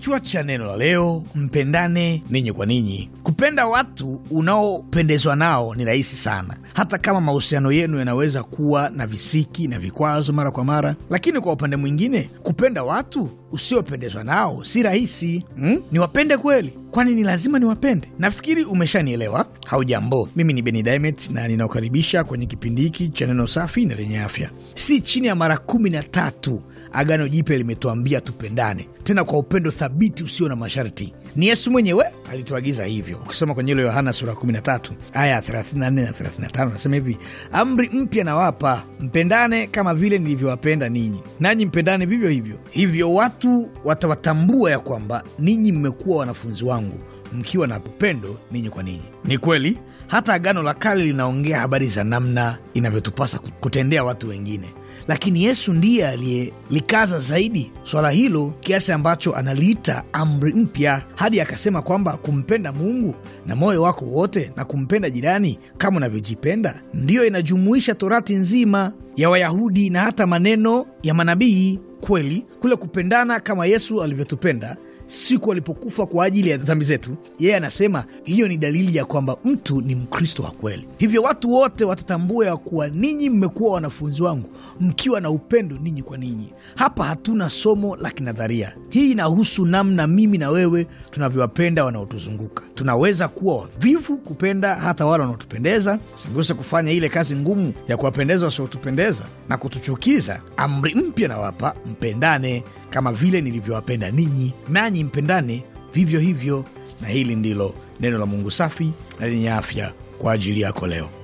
Kichwa cha neno la leo: mpendane ninyi kwa ninyi. Kupenda watu unaopendezwa nao ni rahisi sana, hata kama mahusiano yenu yanaweza kuwa na visiki na vikwazo mara kwa mara. Lakini kwa upande mwingine, kupenda watu usiopendezwa nao si rahisi hmm? Niwapende kweli? Kwani ni lazima niwapende? Nafikiri umeshanielewa. Haujambo, mimi ni Beni Dimet na ninaokaribisha kwenye kipindi hiki cha neno safi na lenye afya. Si chini ya mara kumi na tatu Agano Jipya limetuambia tupendane, tena kwa upendo thabiti usio na masharti. Ni Yesu mwenyewe alituagiza hivyo. Ukisoma kwenye hilo Yohana sura 13 aya 34 na 35, nasema hivi: amri mpya nawapa, mpendane kama vile nilivyowapenda ninyi, nanyi mpendane vivyo hivyo. Hivyo watu watawatambua ya kwamba ninyi mmekuwa wanafunzi wangu mkiwa na upendo ninyi kwa ninyi. Ni kweli hata Agano la Kale linaongea habari za namna inavyotupasa kutendea watu wengine, lakini Yesu ndiye aliyelikaza zaidi swala hilo kiasi ambacho analiita amri mpya, hadi akasema kwamba kumpenda Mungu na moyo wako wote na kumpenda jirani kama unavyojipenda ndiyo inajumuisha torati nzima ya Wayahudi na hata maneno ya manabii. Kweli kule kupendana kama Yesu alivyotupenda siku alipokufa kwa ajili ya dhambi zetu. Yeye anasema hiyo ni dalili ya kwamba mtu ni Mkristo wa kweli. Hivyo watu wote watatambua ya kuwa ninyi mmekuwa wanafunzi wangu mkiwa na upendo ninyi kwa ninyi. Hapa hatuna somo la kinadharia. Hii inahusu namna mimi na wewe tunavyowapenda wanaotuzunguka. Tunaweza kuwa wavivu kupenda hata wale wanaotupendeza, siguse kufanya ile kazi ngumu ya kuwapendeza wasiotupendeza na kutuchukiza. Amri mpya nawapa, mpendane kama vile nilivyowapenda ninyi, nanyi mpendane vivyo hivyo. Na hili ndilo neno la Mungu safi na lenye afya kwa ajili yako leo.